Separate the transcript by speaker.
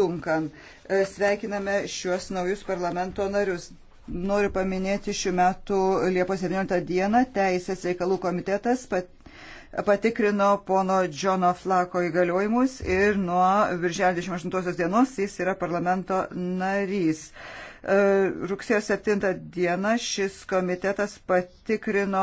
Speaker 1: Dunkan. E, sveikiname šiuos naujus parlamento narius. Noriu paminėti šių metų Liepos 17 dieną Teisės reikalų komitetas pat, patikrino pono Džono Flako įgaliojimus ir nuo virželio 28 dienos jis yra parlamento narys. E, rugsėjo 7 dieną šis komitetas patikrino